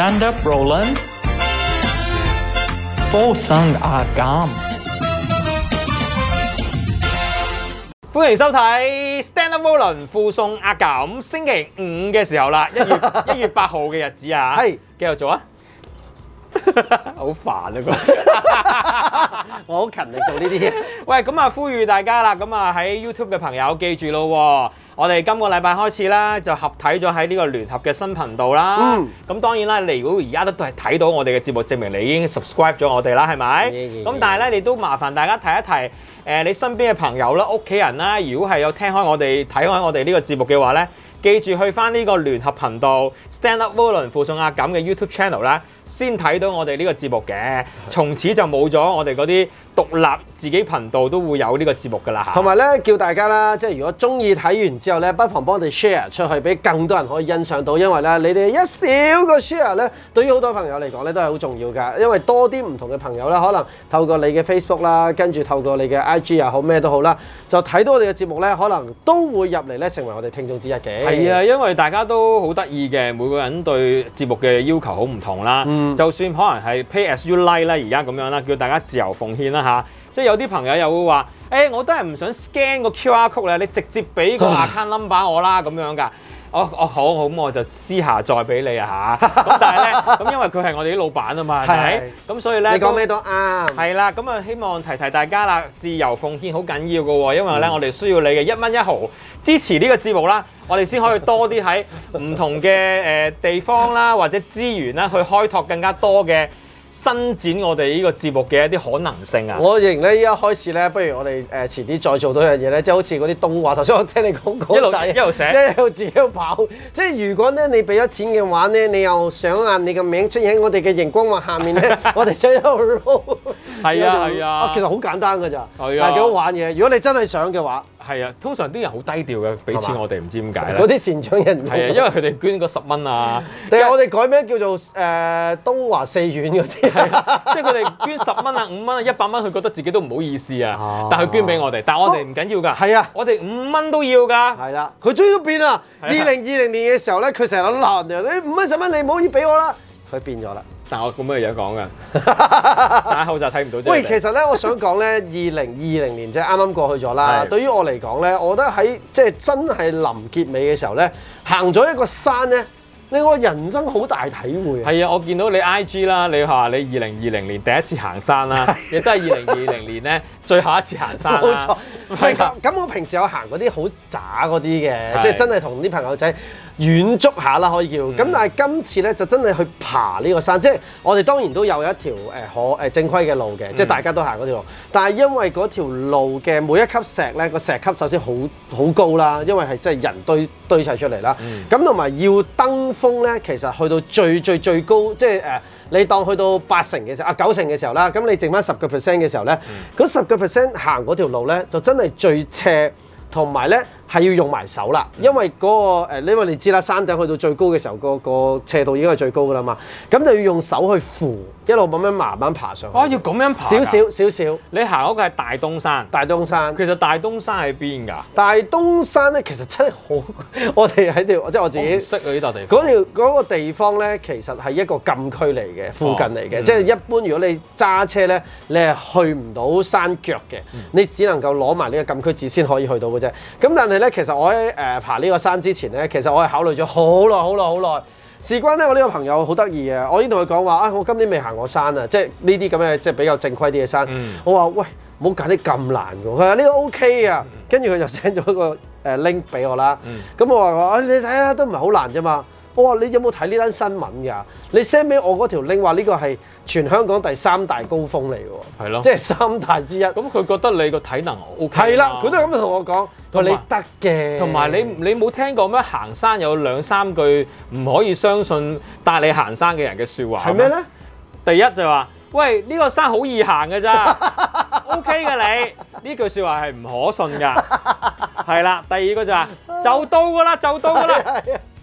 Stand Up Roland，附送阿感。歡迎收睇 Stand Up Roland，附送阿感。星期五嘅時候啦，一月一月八號嘅日子啊，係繼續做啊，好煩啊，咁我好勤力做呢啲嘢。喂，咁啊呼籲大家啦，咁啊喺 YouTube 嘅朋友記住咯。我哋今個禮拜開始啦，就合體咗喺呢個聯合嘅新頻道啦。咁、嗯、當然啦，你如果而家都都係睇到我哋嘅節目，證明你已經 subscribe 咗我哋啦，係咪？咁、嗯嗯嗯嗯、但係咧，你都麻煩大家提一提，誒、呃、你身邊嘅朋友啦、屋企人啦，如果係有聽開我哋、睇開我哋呢個節目嘅話咧，記住去翻呢個聯合頻道、嗯、Stand Up Volun 附送阿錦嘅 YouTube channel 咧，先睇到我哋呢個節目嘅。從此就冇咗我哋嗰啲獨立自己頻道都會有呢個節目㗎啦，同埋呢，叫大家啦，即係如果中意睇完之後呢，不妨幫我哋 share 出去，俾更多人可以欣賞到。因為呢，你哋一小個 share 呢，對於好多朋友嚟講呢，都係好重要㗎。因為多啲唔同嘅朋友呢，可能透過你嘅 Facebook 啦，跟住透過你嘅 IG 啊，好咩都好啦，就睇到我哋嘅節目呢，可能都會入嚟呢，成為我哋聽眾之一嘅。係啊，因為大家都好得意嘅，每個人對節目嘅要求好唔同啦。嗯。就算可能係 pay as you like 啦，而家咁樣啦，叫大家自由奉獻啦。即係有啲朋友又會話，誒、欸，我都係唔想 scan 個 QR code 咧，你直接俾個 account number 我啦，咁樣噶。哦，哦，好好，咁我就私下再俾你啊，嚇。咁但係咧，咁因為佢係我哋啲老闆啊嘛，係咪？咁所以咧，你講咩都啱。係啦，咁啊，希望提提大家啦，自由奉獻好緊要噶喎，因為咧，嗯、我哋需要你嘅一蚊一毫支持呢個節目啦，我哋先可以多啲喺唔同嘅誒地方啦，或者資源啦，去開拓更加多嘅。伸展我哋呢個節目嘅一啲可能性啊！我認咧依家開始咧，不如我哋誒、呃、遲啲再做多樣嘢咧，即係好似嗰啲東華。頭先我聽你講過一路走一路寫一路自己跑。即係如果咧你俾咗錢嘅話咧，你又想啊你個名出現喺我哋嘅熒光幕下面咧， 我哋就一路碌 。係啊係啊，啊，其實好簡單㗎咋，但係、啊啊、幾好玩嘅。如果你真係想嘅話，係啊，通常啲人好低調嘅，俾錢我哋唔吧知點解。嗰啲善長人係啊，因為佢哋捐過十蚊啊。定係 我哋改名叫做誒東、呃、華四院。啲。係 啊，即係佢哋捐十蚊啊、五蚊啊、一百蚊，佢覺得自己都唔好意思啊，啊但係佢捐俾我哋，但我係我哋唔緊要㗎。係啊，啊，我哋五蚊都要㗎。係啦、啊，佢終於都變啦。二零二零年嘅時候咧，佢成日都鬧啊，你五蚊十蚊你唔好意思俾我啦。佢變咗啦。但係我咁多嘢講㗎，但係口罩睇唔到。喂，其實咧，我想講咧，二零二零年即係啱啱過去咗啦。 對於我嚟講咧，我覺得喺即係真係臨結尾嘅時候咧，行咗一個山咧。你我人生好大體會啊！係啊，我見到你 IG 啦，你話你二零二零年第一次行山啦，亦 都係二零二零年咧最後一次行山，冇錯，係啊吧。咁我平時有行嗰啲好渣嗰啲嘅，的即係真係同啲朋友仔。遠足下啦，可以叫。咁、嗯、但係今次呢，就真係去爬呢個山，即係我哋當然都有一條誒、呃、可誒正規嘅路嘅，嗯、即係大家都行嗰條路。但係因為嗰條路嘅每一級石呢，個石級首先好好高啦，因為係真係人堆堆砌出嚟啦。咁同埋要登峰呢，其實去到最最最最高，即係誒、呃、你當去到八成嘅時候啊，九成嘅時候啦，咁你剩翻十個 percent 嘅時候呢，嗰十個 percent 行嗰條路呢，就真係最斜同埋呢。係要用埋手啦，因為嗰、那個因為你知啦，山頂去到最高嘅時候，個斜度已經係最高噶啦嘛，咁就要用手去扶，一路慢慢爬上去。哦，要咁樣爬少少少少。小小小小你行嗰個係大東山，大東山。其實大東山喺邊㗎？大東山咧，其實真係好。我哋喺條，即係我自己識啊，呢笪、這個、地方。嗰條嗰個地方咧，其實係一個禁區嚟嘅，附近嚟嘅，即係、哦嗯、一般如果你揸車咧，你係去唔到山腳嘅，嗯、你只能夠攞埋呢個禁區紙先可以去到嘅啫。咁但係。咧，其實我喺誒爬呢個山之前咧，其實我係考慮咗好耐、好耐、好耐。事關咧，我呢個朋友好得意嘅，我已經同佢講話啊，我今年未行過山啊，即係呢啲咁嘅，即係比較正規啲嘅山。嗯、我話喂，唔好揀啲咁難嘅。佢話呢個 O K 啊，跟住佢就 send 咗一個誒 link 俾我啦。咁我話我，嗯嗯、我你睇下都唔係好難啫嘛。我話、哦、你有冇睇呢單新聞㗎？你 send 俾我嗰條 link 話呢個係全香港第三大高峰嚟㗎喎，係咯了，即係三大之一。咁佢覺得你個體能 O K 啊？係啦，佢都咁同我講，佢話有你得嘅。同埋你你冇聽過咩，行山有兩三句唔可以相信，帶你行山嘅人嘅説話？係咩咧？吧第一就話、是，喂，呢、呢個山好易行嘅咋 O K 㗎你。呢句説話係唔可信㗎。係啦， 第二個就話就到㗎啦，就到㗎啦。就到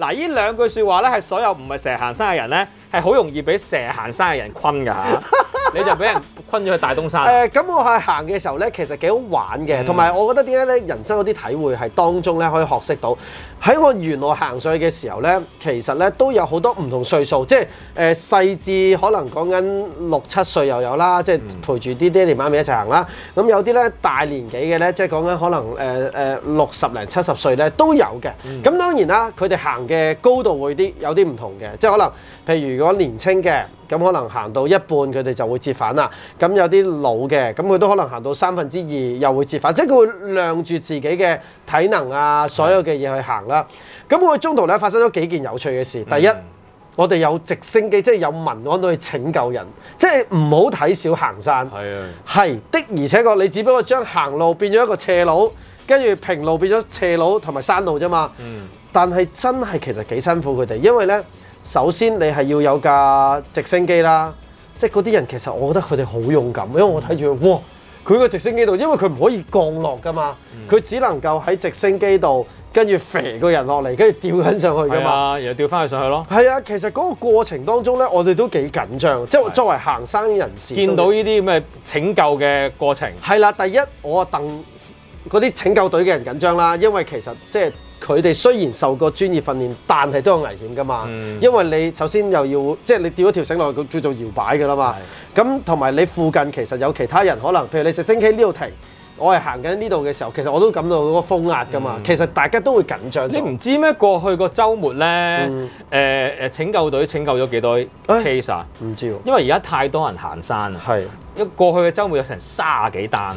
嗱，呢兩句説話咧，係所有唔係蛇行山嘅人咧，係好容易俾蛇行山嘅人困㗎嚇。 你就俾人困咗去大東山。誒、呃，咁、嗯呃啊、我係行嘅時候咧，其實幾好玩嘅，同埋我覺得點解咧，人生嗰啲體會係當中咧可以學識到。喺我原路行上去嘅時候咧，其實咧都有好多唔同歲數，即係誒、呃、細至可能講緊六七歲又有啦，即係陪住啲爹哋媽咪一齊行啦。咁、嗯嗯、有啲咧大年紀嘅咧，即係講緊可能誒誒、呃呃、六十零七十歲咧都有嘅。咁、嗯嗯、當然啦，佢哋行嘅高度會啲，有啲唔同嘅，即係可能，譬如如果年青嘅，咁可能行到一半佢哋就會折返啦。咁有啲老嘅，咁佢都可能行到三分之二又會折返，即係佢會量住自己嘅體能啊，所有嘅嘢去行啦。咁我哋中途咧發生咗幾件有趣嘅事。嗯。第一，我哋有直升機，即係有民安都去拯救人，即係唔好睇小行山。係的，的而且確你只不過將行路變咗一個斜路，跟住平路變咗斜路同埋山路啫嘛。嗯。但係真係其實幾辛苦佢哋，因為呢，首先你係要有架直升機啦，即係嗰啲人其實我覺得佢哋好勇敢，因為我睇住，哇！佢個直升機度，因為佢唔可以降落噶嘛，佢、嗯、只能夠喺直升機度跟住揈個人落嚟，跟住吊緊上去噶嘛，然後吊翻去上去咯。係啊，其實嗰個過程當中呢，我哋都幾緊張，即係、啊、作為行山人士，見到呢啲咁嘅拯救嘅過程。係啦、啊，第一我阿嗰啲拯救隊嘅人緊張啦，因為其實即係。佢哋雖然受過專業訓練，但係都有危險㗎嘛。嗯、因為你首先又要，即係你掉一條繩落去，叫做搖擺㗎喇嘛。咁同埋你附近其實有其他人，可能譬如你直升機呢度停，我係行緊呢度嘅時候，其實我都感到嗰個風壓㗎嘛。嗯、其實大家都會緊張。你唔知咩？過去個週末咧，誒誒、嗯呃，拯救隊拯救咗幾多 case 啊？唔、欸、知喎，因為而家太多人行山啊。係的，因為過去嘅週末有成卅幾單啊，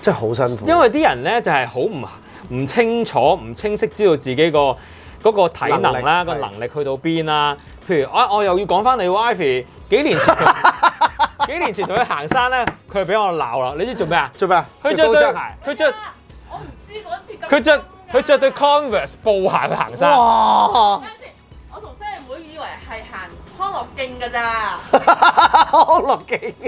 真係好辛苦。因為啲人咧就係好唔～唔清楚，唔清晰知道自己個嗰、那個體能啦，能力個能力去到邊啦、啊？的譬如我我又要講翻你 Ivy 幾年前 幾年前同佢行山咧，佢俾我鬧啦，你知做咩啊？做咩啊？佢著對，佢著穿，我唔知嗰次那，佢着佢著對 Converse 布鞋去行山。哇！我同孫女妹以為係行康樂徑㗎咋？康樂徑。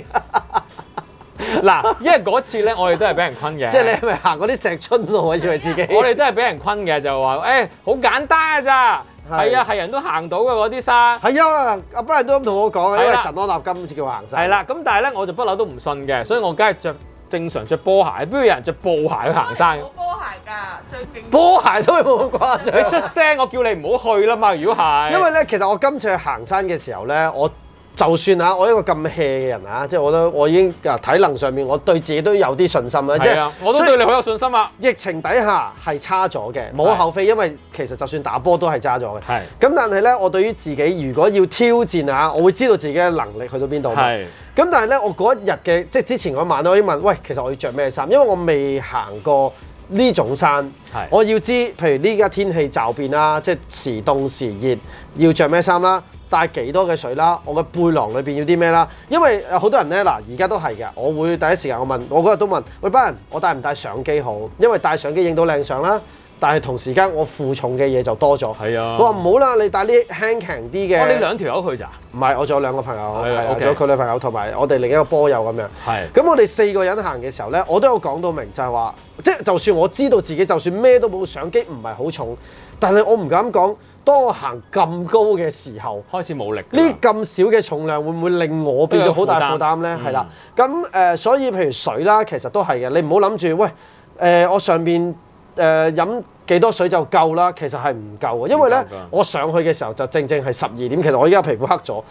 嗱， 因為嗰次咧，我哋都係俾人昆嘅。 即係你係咪行嗰啲石春路啊？我以為自己？ 我哋都係俾人昆嘅，就話誒，好、欸、簡單嘅咋。係啊，係、啊、人都行到嘅嗰啲山。係啊，阿 b r 都咁同我講，因為陳安立今次叫我行山。係啦、啊。咁但係咧，我就不嬲都唔信嘅，所以我梗係着正常着波鞋，不如有人着布鞋去行山？我波鞋㗎，最勁。波鞋都冇咁誇出聲，我叫你唔好去啦嘛！如果係因為咧，其實我今次去行山嘅時候咧，我就算啊，我一個咁 hea 嘅人啊，即係我覺我已經啊體能上面，我對自己都有啲信心啊。係啊，我都對你好有信心啊。疫情底下係差咗嘅，冇厚非，因為其實就算打波都係差咗嘅。係是。咁但係咧，我對於自己如果要挑戰啊，我會知道自己嘅能力去到邊度。係是。咁但係咧，我嗰一日嘅即係之前嗰晚咧，我已經問：喂，其實我要着咩衫？因為我未行過呢種山。係是。我要知，譬如呢家天氣驟變啦，即係時凍時熱，要着咩衫啦？帶幾多嘅水啦？我嘅背囊裏邊要啲咩啦？因為有好多人呢，嗱，而家都係嘅。我會第一時間我問，我嗰日都問，喂，班人，我帶唔帶相機好？因為帶相機影到靚相啦，但係同時間我負重嘅嘢就多咗。係啊，我話唔好啦，你帶啲輕強啲嘅。我呢兩條友去咋？唔係，我仲有兩個朋友，我仲、啊 okay. 啊、有佢女朋友同埋我哋另一個波友咁樣。係是。咁我哋四個人行嘅時候呢，我都有講到明就，就係話，即係就算我知道自己，就算咩都冇，相機唔係好重，但係我唔敢講。多行咁高嘅時候，開始冇力。呢咁少嘅重量會唔會令我變咗好大負擔呢？係啦，咁、嗯、誒、呃，所以譬如水啦，其實都係嘅。你唔好諗住，喂，誒、呃，我上面誒、呃、飲幾多水就夠啦。其實係唔夠嘅，因為呢，我上去嘅時候就正正係十二點。其實我而家皮膚黑咗。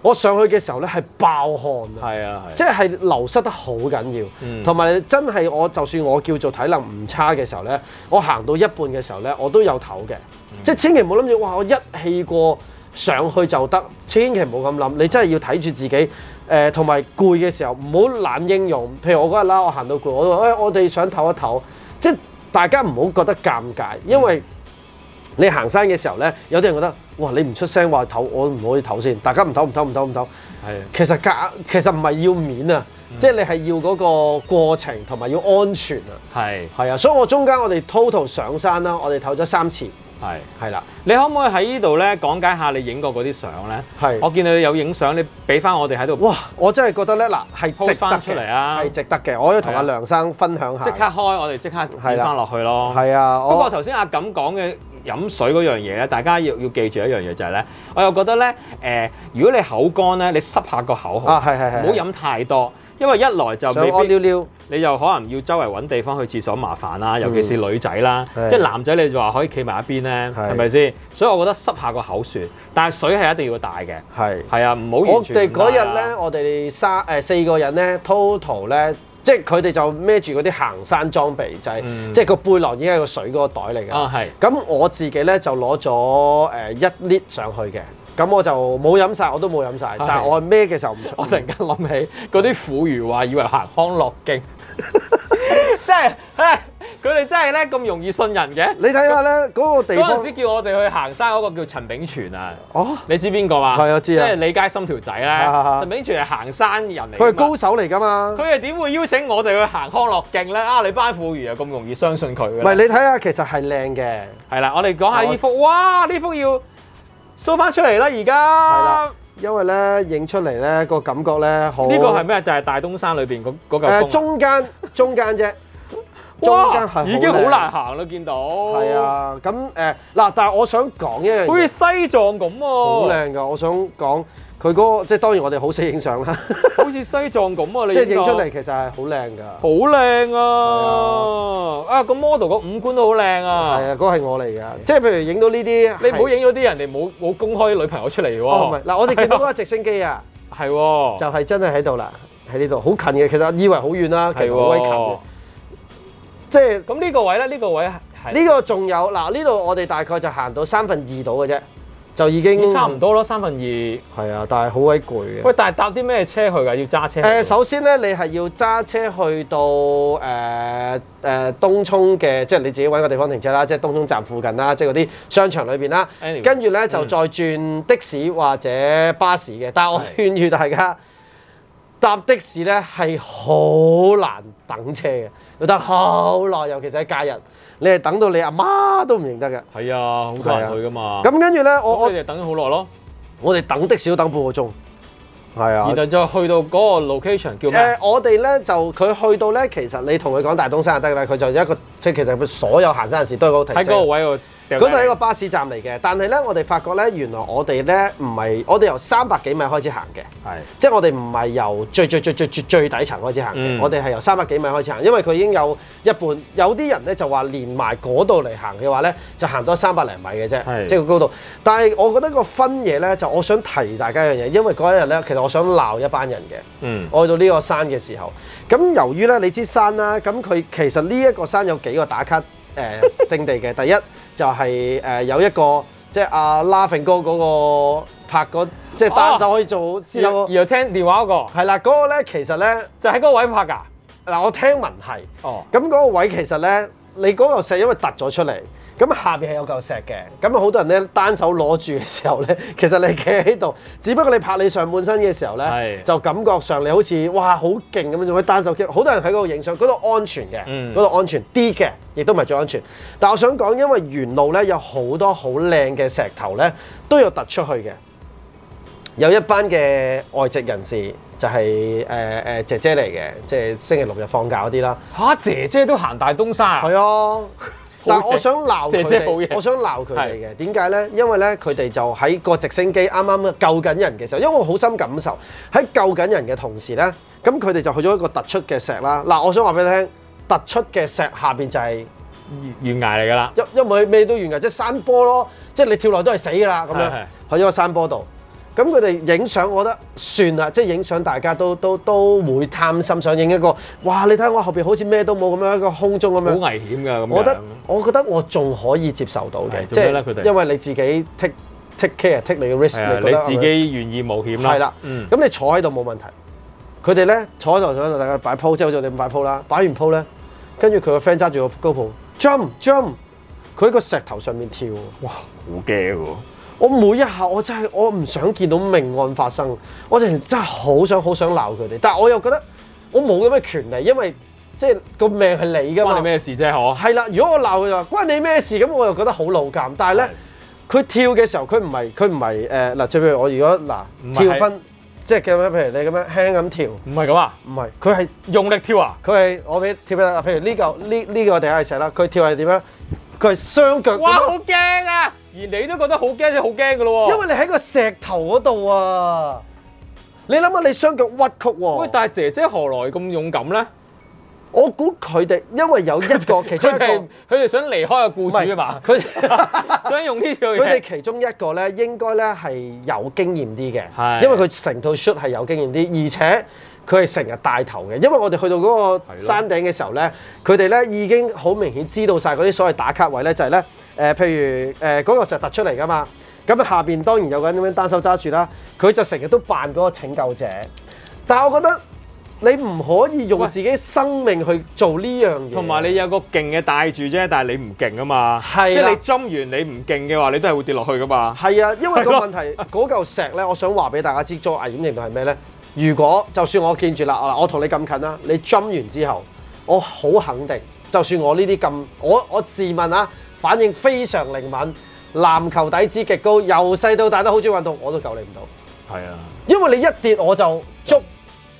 我上去嘅時候呢，係爆汗。係啊，啊即係流失得好緊要，同埋、嗯、真係我就算我叫做體能唔差嘅時候呢，我行到一半嘅時候呢，我都有唞嘅。嗯、即係千祈唔好諗住哇，我一氣過上去就得，千祈唔好咁諗，你真係要睇住自己，誒同埋攰嘅時候唔好懶應用，譬如我嗰日啦，我行到攰，我都誒、哎、我哋想唞一唞。即係大家唔好覺得尷尬，因為你行山嘅時候呢，有啲人覺得。哇！你唔出聲話唞，我唔可以唞先。大家唔唞、唔唞、唔唞唔唞。係啊，其實格其實唔係要面啊，即係你係要嗰個過程同埋要安全啊。係係啊，所以我中間我哋 total 上山啦，我哋唞咗三次。係係啦，你可唔可以喺呢度咧講解下你影過嗰啲相咧？係，我見到你有影相，你俾翻我哋喺度。哇！我真係覺得咧嗱，係值得出嚟啊，係值得嘅。我要同阿梁生分享下。即刻開，我哋即刻剪翻落去咯。係啊，不過頭先阿感講嘅。飲水嗰樣嘢咧，大家要要記住一樣嘢就係、是、咧，我又覺得咧，誒、呃，如果你口乾咧，你濕下個口啊，係係係，唔好飲太多，因為一來就溜溜，你又可能要周圍揾地方去廁所麻煩啦，尤其是女仔啦，嗯、即係男仔你就話可以企埋一邊咧，係咪先？所以我覺得濕下個口算，但係水係一定要帶嘅，係係是 啊，唔好完全唔帶啦。我哋嗰日咧，我哋三誒四個人咧，total 咧。即係佢哋就孭住嗰啲行山裝備就係，嗯、即係個背囊已經係個水嗰個袋嚟嘅。啊，咁我自己咧就攞咗誒一、呃、lift 上去嘅，咁我就冇飲晒，我都冇飲晒。啊、但係我孭嘅時候唔出。我突然間諗起嗰啲苦魚話以為行康樂徑。 即係，佢哋真係咧咁容易信人嘅。你睇下咧嗰個地，嗰陣時叫我哋去行山嗰個叫陳炳全啊。哦，你知邊個嘛？係啊，知啊。即係李佳心條仔咧，陳炳全係行山人嚟。佢係高手嚟㗎嘛。佢係點會邀請我哋去行康樂徑咧？啊，你班富餘又咁容易相信佢嘅？唔係，你睇下其實係靚嘅。係啦，我哋講下呢幅，哇！呢幅要 show 翻出嚟啦，而家。係啦。因為咧影出嚟咧個感覺咧好。呢個係咩？就係大東山裏邊嗰嗰中間中間啫。中間係已經好難行啦，見到。係啊，咁誒嗱，但係我想講一樣，好似西藏咁喎。好靚噶，我想講佢嗰即係當然我哋好識影相啦。好似西藏咁啊，你即係影出嚟其實係好靚噶。好靚啊！啊，個 model 個五官都好靚啊。係啊，嗰個係我嚟嘅。即係譬如影到呢啲，你唔好影咗啲人哋冇冇公開女朋友出嚟喎。嗱，我哋見到嗰架直升機啊，係，就係真係喺度啦，喺呢度，好近嘅，其實以為好遠啦，其實好近。即係咁，呢個位咧，呢、呢個位係呢個仲有嗱，呢度我哋大概就行到三分二度嘅啫，就已經差唔多咯，三分二係啊，但係好鬼攰嘅。喂，但係搭啲咩車去㗎？要揸車誒，首先咧你係要揸車去到誒誒、呃呃、東涌嘅，即係你自己揾個地方停車啦，即係東涌站附近啦，即係嗰啲商場裏邊啦，anyway, 跟住咧就再轉的士或者巴士嘅。但係我勸住大家。嗯搭的士咧係好難等車嘅，要等好耐，尤其是喺假日，你係等到你阿媽，媽都唔認得嘅。係啊，好難去噶嘛。咁跟住咧，我我哋等咗好耐咯。我哋等的士都等半個鐘。係啊。然後再去到嗰個 location 叫咩？誒、呃，我哋咧就佢去到咧，其實你同佢講大東山就得㗎啦。佢就一個即係其實佢所有行山嘅時都係好睇。喺嗰個位喎。嗰度係一個巴士站嚟嘅，但係呢，我哋發覺呢，原來我哋呢，唔係，我哋由三百幾米開始行嘅，係是，即係我哋唔係由最最最最最最底層開始行嘅，嗯、我哋係由三百幾米開始行，因為佢已經有一半，有啲人呢，就話連埋嗰度嚟行嘅話呢，就行多三百零米嘅啫，是即係個高度。但係我覺得個分野呢，就我想提大家一樣嘢，因為嗰一日呢，其實我想鬧一班人嘅，嗯，我去到呢個山嘅時候，咁由於呢，你知山啦，咁佢其實呢一個山有幾個打卡誒、呃、勝地嘅，第一。 就係、是、誒、呃、有一個即係阿 Laughing 哥嗰個拍嗰，即係單手可以做司機然後聽電話嗰個係啦，嗰個咧其實咧就喺嗰個位拍㗎。嗱，我聽聞係哦。咁嗰個位其實咧，你嗰嚿石因為凸咗出嚟。咁下邊係有嚿石嘅，咁啊好多人咧單手攞住嘅時候咧，其實你企喺度，只不過你拍你上半身嘅時候咧，是的 就感覺上你好似哇好勁咁樣，就可以單手嘅。好多人喺嗰度影相，嗰度安全嘅，嗰度、嗯、安全啲嘅，亦都唔係最安全。但係我想講，因為沿路咧有好多好靚嘅石頭咧，都有突出去嘅。有一班嘅外籍人士就係誒誒姐姐嚟嘅，即係星期六日放假嗰啲啦。嚇、啊，姐姐都行大東山啊？啊、哦。 但我想鬧佢哋，姐姐我想鬧佢哋嘅。點解咧？因為咧，佢哋就喺個直升機啱啱救緊人嘅時候，因為我好深感受喺救緊人嘅同時咧，咁佢哋就去咗一個突出嘅石啦。嗱，我想話俾你聽，突出嘅石下邊就係、是、懸崖嚟噶啦。因因為咩都懸崖，即山坡咯，即你跳落都係死噶啦咁樣，的去咗個山坡度。咁佢哋影相，我覺得算啦，即係影相大家都都都會貪心想影一個。哇！你睇下我後邊好似咩都冇咁樣一個空中咁樣。好危險㗎！咁我，我覺得我覺得我仲可以接受到嘅。做咩佢哋。因為你自己 take take care take wrist、啊、你嘅 risk，你自己願意冒險啦。係啦、啊。咁、嗯、你坐喺度冇問題。佢哋咧坐喺度，坐喺度大家擺鋪，即係好似我哋擺鋪啦。擺完鋪咧，跟住佢個 friend 揸住個 GoPro jump jump，佢喺個石頭上面跳。哇！好驚喎～我每一下我真係我唔想見到命案發生，我成日真係好想好想鬧佢哋，但係我又覺得我冇咁嘅權利，因為即係個命係你㗎嘛，你。關你咩事啫？係嘛？係啦，如果我鬧佢就話關你咩事，咁我又覺得好老尷。但係咧，佢係跳嘅時候，佢唔係佢唔係誒嗱，即係、呃、譬如我如果嗱、呃、跳分，是是即係叫咩？譬如你咁樣輕輕咁跳，唔係咁啊？唔係，佢係用力跳啊！佢係我俾跳一，譬如呢嚿呢呢嚿地下嘅石啦，佢跳係點樣？佢係雙腳。哇！好驚啊！而你都覺得好驚，即好驚嘅咯！因為你喺個石頭嗰度啊，你諗下你雙腳屈曲喎、啊。喂，但係姐姐何來咁勇敢咧？我估佢哋因為有一個，們其中一個，佢哋想離開個僱主啊嘛。佢 想用呢條。佢哋其中一個咧，應該咧係有經驗啲嘅，是因為佢成套 shoot 係有經驗啲，而且。佢係成日帶頭嘅，因為我哋去到嗰個山頂嘅時候咧，佢哋咧已經好明顯知道晒嗰啲所謂打卡位咧，就係咧誒，譬如誒嗰嚿石突出嚟噶嘛，咁下邊當然有個人咁樣單手揸住啦，佢就成日都扮嗰個拯救者。但係我覺得你唔可以用自己生命去做呢樣嘢，同埋你有個勁嘅帶住啫，但係你唔勁啊嘛，即係的你針完你唔勁嘅話，你都係會跌落去噶嘛。係啊，因為個問題嗰嚿是的 石咧，我想話俾大家知，最危險程度係咩咧？如果就算我見住啦，我同你咁近啦，你 jump 完之後，我好肯定，就算我呢啲咁，我我自問啊，反應非常靈敏，籃球底子極高，由細到大都好中意運動，我都救你唔到。係啊，因為你一跌我就捉，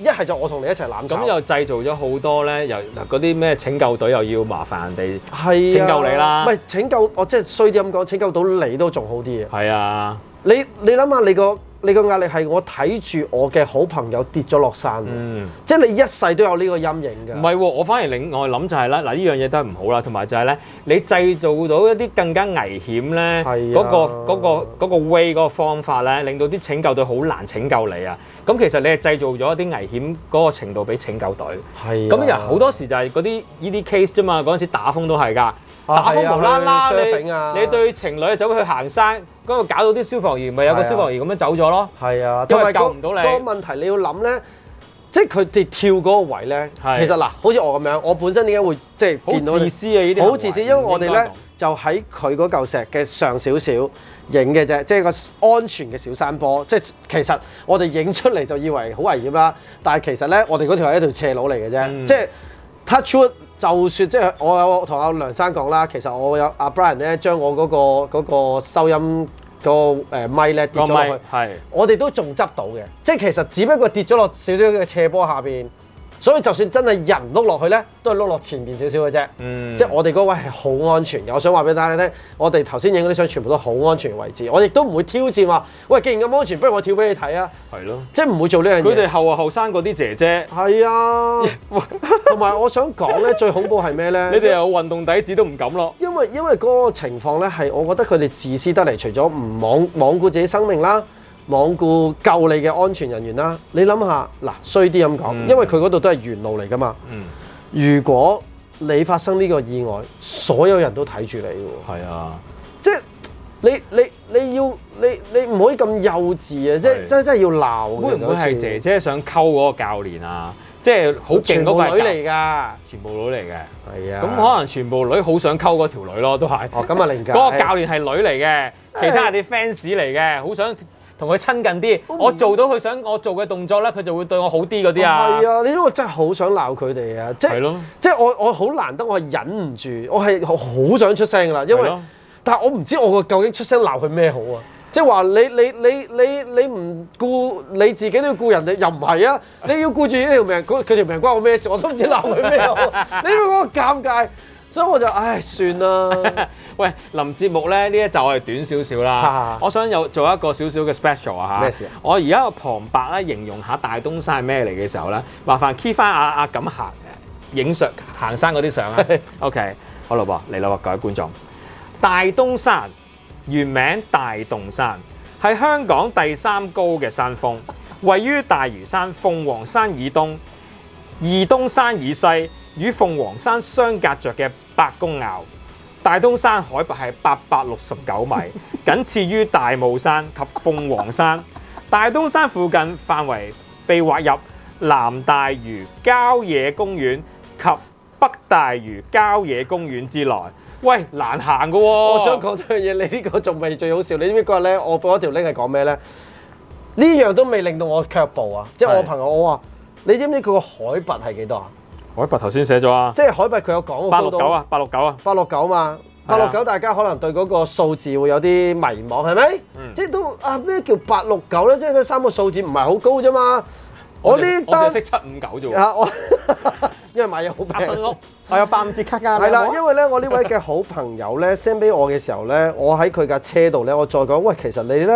一係就我同你一齊攬。咁又製造咗好多呢，又嗱嗰啲咩拯救隊又要麻煩人哋拯救你啦。喂，拯救，我即係衰啲咁講，拯救到你都仲好啲嘅。係啊，你你諗下你個，你個壓力係我睇住我嘅好朋友跌咗落山，嗯、即係你一世都有呢個陰影㗎。唔係喎，我反而另我諗就係、是、啦，嗱呢樣嘢都係唔好啦，同埋就係、是、咧，你製造到一啲更加危險咧、嗰個，嗰、啊嗰個嗰、嗰個 way、嗰個方法咧，令到啲拯救隊好難拯救你啊！咁其實你係製造咗一啲危險嗰個程度俾拯救隊，咁又好多時就係嗰啲呢啲 case 啫嘛，嗰陣時打風都係㗎。打風無啦啦，啊，啊你，你對情侶走去行山，咁啊搞到啲消防員，咪、啊、有個消防員咁樣走咗咯。係啊，因為搞唔到你。嗰個問題你要諗咧，即係佢哋跳嗰個位咧。是其實嗱，好似我咁樣，我本身點解會即係好自私啊，呢啲？好自私，因為我哋咧就喺佢嗰嚿石嘅上少少影嘅啫，即係個安全嘅小山坡。即係其實我哋影出嚟就以為好危險啦，但係其實咧，我哋嗰條係一條斜路嚟嘅啫，即係 touch w 就算即係我有同阿梁生講啦，其實我有阿 Brian 咧將我嗰個嗰個收音嗰個誒咪咧跌咗落去，係我哋都仲執到嘅，即係其實只不過跌咗落少少嘅斜坡下邊。所以就算真係人碌落去咧，都係碌落前面少少嘅啫。嗯，即係我哋嗰位係好安全嘅。我想話俾大家聽，我哋頭先影嗰啲相全部都好安全位置。我亦都唔會挑戰話，喂，既然咁安全，不如我跳俾你睇啊。係咯了，即係唔會做呢樣嘢。佢哋後啊後生嗰啲姐姐係啊，同埋我想講咧， 最恐怖係咩咧？你哋有運動底子都唔敢咯。因為因為嗰個情況咧係，我覺得佢哋自私得嚟，除咗唔罔罔顧自己生命啦。罔顧救你嘅安全人員啦！你諗下，嗱，衰啲咁講，因為佢嗰度都係原路嚟㗎嘛。嗯，如果你發生呢個意外，所有人都睇住你喎。係啊，即係你你你要你你唔可以咁幼稚啊！即係真真係要鬧。會唔會係姐姐想溝嗰個教練啊？即係好勁嗰個女嚟㗎，全部女嚟嘅。係啊，咁可能全部女好想溝嗰條女咯，都係。哦，咁啊，理解。嗰個教練係女嚟嘅，其他人啲 fans 嚟嘅，好想。同佢親近啲不，我做到佢想我做嘅動作咧，佢就會對我好啲嗰啲啊！係啊，你都真係好想鬧佢哋啊！即係是的 即係我我好難得我係忍唔住，我係好想出聲噶啦，因為是的 但係我唔知我個究竟出聲鬧佢咩好啊！是的 即係話你你你你你唔顧你自己都要顧人哋，又唔係啊？你要顧住呢條命，佢佢條命關我咩事？我都唔知鬧佢咩好啊。你知唔知嗰個尷尬？所以我就唉算啦。喂，林節目咧呢一集我係短少少啦。我想有做一個少少嘅 special 啊嚇。咩事？我而家個旁白咧形容下大東山係咩嚟嘅時候咧，麻煩 keep 翻阿阿噉行影相行山嗰啲相啊。OK，好老婆嚟啦，各位觀眾。大東山原名大洞山，係香港第三高嘅山峰，位於大嶼山、鳳凰山以東、二東山以西，與鳳凰山相隔着嘅。白公牛大東山海拔係八百六十九米，僅次於大霧山及鳳凰山。大東山附近範圍被劃入南大嶼郊野公園及北大嶼郊野公園之內。喂，難行噶喎！我想講一樣嘢，你呢個仲未最好笑。你知唔知今日咧，我嗰條 link 係講咩咧？呢樣都未令到我卻步啊！即係我朋友我，我話是你知唔知佢個海拔係幾多啊？海拔頭先寫咗啊！即係海拔佢有講八六九啊，八六九啊，八六九啊嘛，八六九大家可能對嗰個數字會有啲迷惘，係咪、嗯啊？即係都啊咩叫八六九咧？即係得三個數字，唔係好高啫嘛。我呢單我識七五九啫嘛！啊，我因為買嘢好百新我有百五折卡卡啦！啦， 因為咧，我呢位嘅好朋友咧 send 俾我嘅時候咧，我喺佢架車度咧，我再講喂，其實你咧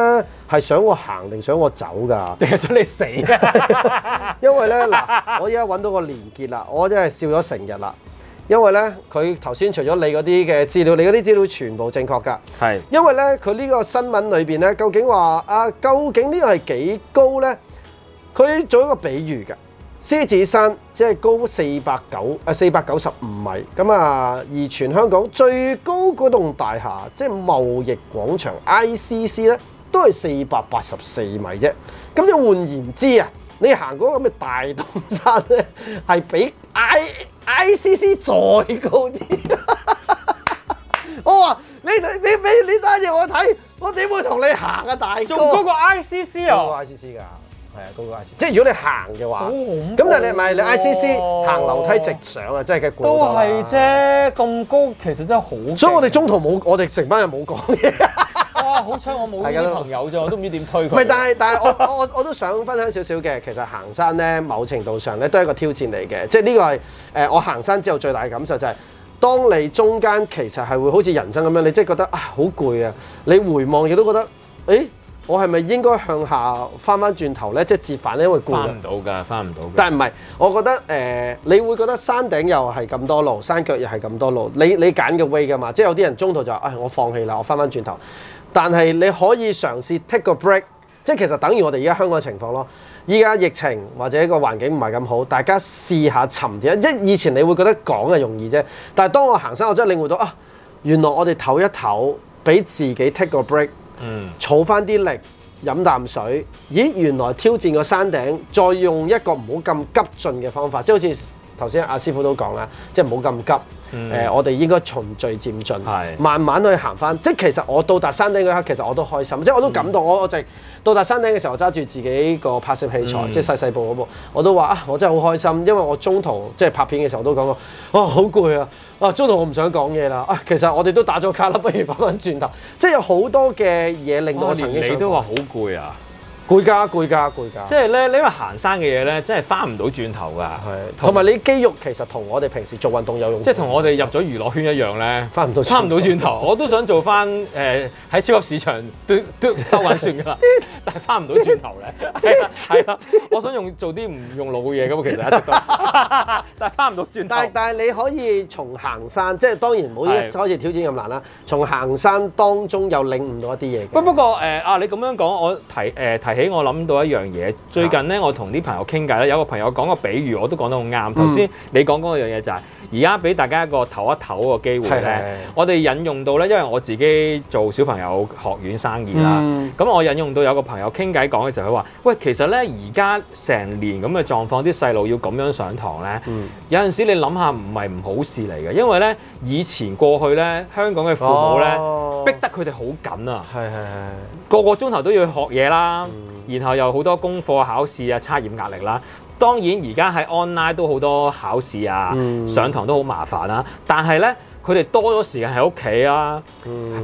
係想我行定想我走㗎？定係想，想你死啊！ 因為咧嗱，我而家揾到個連結啦，我真係笑咗成日啦。因為咧，佢頭先除咗你嗰啲嘅資料，你嗰啲資料全部正確㗎。係是因為咧，佢呢個新聞裏邊咧，究竟話啊，究竟個呢個係幾高咧？佢做一個比喻嘅，獅子山只係高四百九啊，四百九十五米，咁啊，而全香港最高嗰棟大廈，即係貿易廣場 ICC 咧，CC，都係四百八十四米啫。咁即係換言之啊，你行嗰個咁嘅大東山咧，係比 I ICC 再高啲。 我話你睇，你俾呢單嘢我睇，我點會同你行啊，大哥？仲嗰個 ICC 啊？嗰個 ICC 㗎。係啊，嗰、那個 I C C 即係如果你行嘅話，咁但係你唔係你 I C C 行樓梯直上啊，哦、即係佢估到。都係啫，咁高其實真係好。所以我哋中途冇，我哋成班人冇講嘢。哇！好彩我冇呢個朋友啫，我都唔知點推佢。唔，但係但係我我我都想分享少少嘅，其實行山咧，某程度上咧都係一個挑戰嚟嘅，即係呢個係誒、呃、我行山之後最大嘅感受就係、是，當你中間其實係會好似人生咁樣，你即係覺得啊好攰啊，你回望亦都覺得誒。欸我係咪應該向下翻翻轉頭呢？即折返呢？因為攰翻唔到㗎，翻唔到。但係唔係，我覺得誒、呃，你會覺得山頂又係咁多路，山腳又係咁多路。你你揀嘅 way 㗎嘛？即有啲人中途就誒、哎，我放棄啦，我翻翻轉頭。但係你可以嘗試 take 個 break，即其實等於我哋而家香港嘅情況咯。依家疫情或者一個環境唔係咁好，大家試下沉澱。即以前你會覺得講係容易啫，但係當我行山，我真係領悟到啊，原來我哋唞一唞，俾自己 take 個 break。嗯，儲翻啲力，飲啖水。咦，原來挑戰個山頂，再用一個唔好咁急進嘅方法，即係好似頭先阿師傅都講啦，即係唔好咁急。誒、嗯呃，我哋應該循序漸進，是慢慢去行翻。即係其實我到達山頂嗰刻，其實我都開心，即係我都感動。嗯、我我就到達山頂嘅時候，我揸住自己個拍攝器材，嗯、即係細細部嗰部，我都話啊，我真係好開心，因為我中途即係拍片嘅時候都講過，啊，好攰啊！啊，中途我唔想講嘢啦。啊，其實我哋都打咗卡啦， 不如翻返轉頭。即係有好多嘅嘢令到我曾經。你都話好攰啊！攰㗎攰㗎攰㗎，即係咧，你因為行山嘅嘢咧，真係翻唔到轉頭㗎。係，同埋你肌肉其實同我哋平時做運動有用。即係同我哋入咗娛樂圈一樣咧，翻唔到翻唔到轉頭。我都想做翻誒喺超級市場都都收穩算㗎，但係翻唔到轉頭咧。係啦，我想用做啲唔用腦嘅嘢噉，其實，但係翻唔到轉頭。但係，但係你可以從行山，即係當然唔好一開始挑戰咁難啦。從行山當中又領悟到一啲嘢。不不過誒啊，你咁樣講，我睇誒睇戲，俾我諗到一樣嘢，最近咧我同啲朋友傾偈咧，有個朋友講個比喻，我都講得好啱。頭先你講講樣嘢就係、係，而家俾大家一個唞一唞個機會咧，係係係我哋引用到咧，因為我自己做小朋友學院生意啦，咁係我引用到有個朋友傾偈講嘅時候，佢話，喂，其實咧而家成年咁嘅狀況，啲細路要咁樣上堂咧，係係係有陣時你諗下唔係唔好事嚟嘅，因為咧以前過去咧香港嘅父母咧、哦、逼得佢哋好緊啊，係係係，個個鐘頭都要學嘢啦。嗯然後又好多功課考試啊，測驗壓力啦。當然而家喺 online 都好多考試啊，上堂都好麻煩啦。但係咧，佢哋多咗時間喺屋企啊，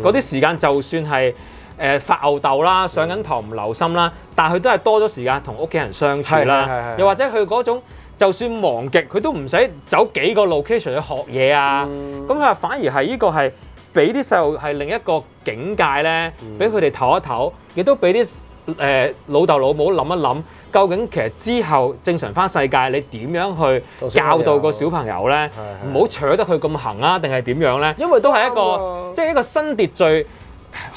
嗰啲時間就算係誒發吽竇啦，上緊堂唔留心啦，嗯、但係佢都係多咗時間同屋企人相處啦。又或者佢嗰種，就算忙極，佢都唔使走幾個 location 去學嘢啊。咁佢、嗯、反而係呢個係俾啲細路係另一個境界咧，俾佢哋唞一唞，亦都俾啲，誒老豆老母諗一諗，究竟其實之後正常翻世界，你點樣去教導個小朋友咧？唔好扯得佢咁行啊，定係點樣咧？因為都係一個，即係一個新秩序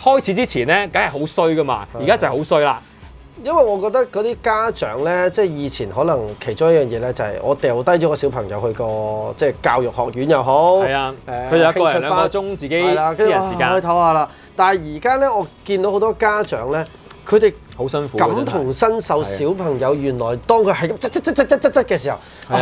開始之前咧，梗係好衰㗎嘛。而家就係好衰啦。因為我覺得嗰啲家長咧，即係以前可能其中一樣嘢咧，就係、是、我掉低咗個小朋友去個即係教育學院又好。係啊，佢有、呃、兩個鐘自己私人時間。去唞、啊、下啦。但係而家咧，我見到好多家長咧，佢哋好辛苦，感同身受小朋友。原來當佢係咁窒窒窒窒窒窒嘅時候，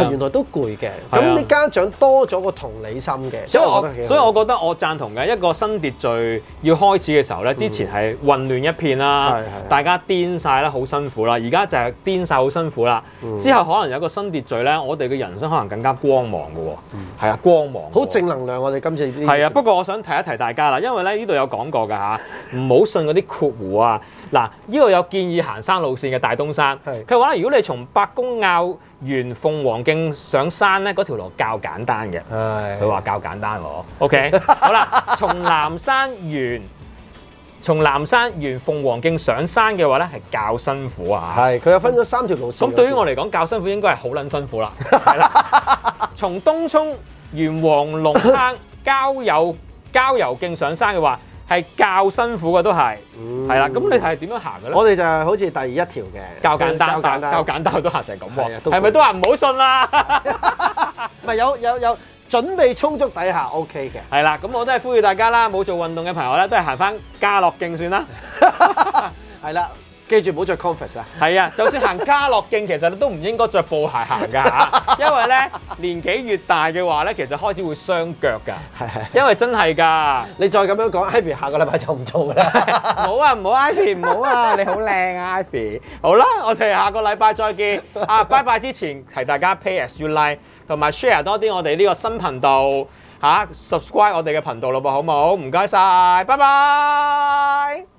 原來都攰嘅。咁你家長多咗個同理心嘅。所以，我所以，我覺得我贊同嘅一個新秩序要開始嘅時候呢，之前係混亂一片啦，大家癲晒啦，好辛苦啦。而家就係癲晒好辛苦啦。之後可能有個新秩序呢，我哋嘅人生可能更加光芒嘅喎。係啊，光芒，好正能量。我哋今次係啊。不過我想提一提大家啦，因為咧呢度有講過嘅嚇，唔好信嗰啲括弧啊。嗱，呢度有建議行山路線嘅大東山。佢話是：如果你係從伯公坳、沿鳳凰徑上山咧，嗰條路較簡單嘅。佢話較簡單喎。OK，好啦，從南山沿從南山沿鳳凰徑上山嘅話咧，係較辛苦啊。係，佢又分咗三條路線。咁那、嗯、對於我嚟講，較辛苦應該係好撚辛苦啦。係啦，從東涌沿，沿黃龍坑郊遊郊遊徑上山嘅話。係較辛苦嘅都係，係啦、嗯，咁你係點樣行嘅咧？我哋就好似第一條嘅，較簡單、較簡單、都行成咁喎。係咪都話唔好信啦？唔係 有有有準備充足底下 OK 嘅。係啦，咁我都係呼籲大家啦，冇做運動嘅朋友咧，都係行翻家樂徑算啦。係 啦。 記住唔好着 converse 啊！係啊，就算行家樂徑， 其實你都唔應該着布鞋行㗎吓， 因為咧年紀越大嘅話咧，其實開始會傷腳㗎。係係，因為真係㗎。你再咁樣講，Ivy 下個禮拜就唔做啦。唔 好 啊，唔好 Ivy，唔好啊， 你好靚啊，Ivy。好啦，我哋下個禮拜再見。 啊，拜拜之前提大家 pay as you like，同埋 share 多啲我哋呢個新頻道吓 subscribe 我哋嘅頻道咯，好唔好？唔該晒！拜拜。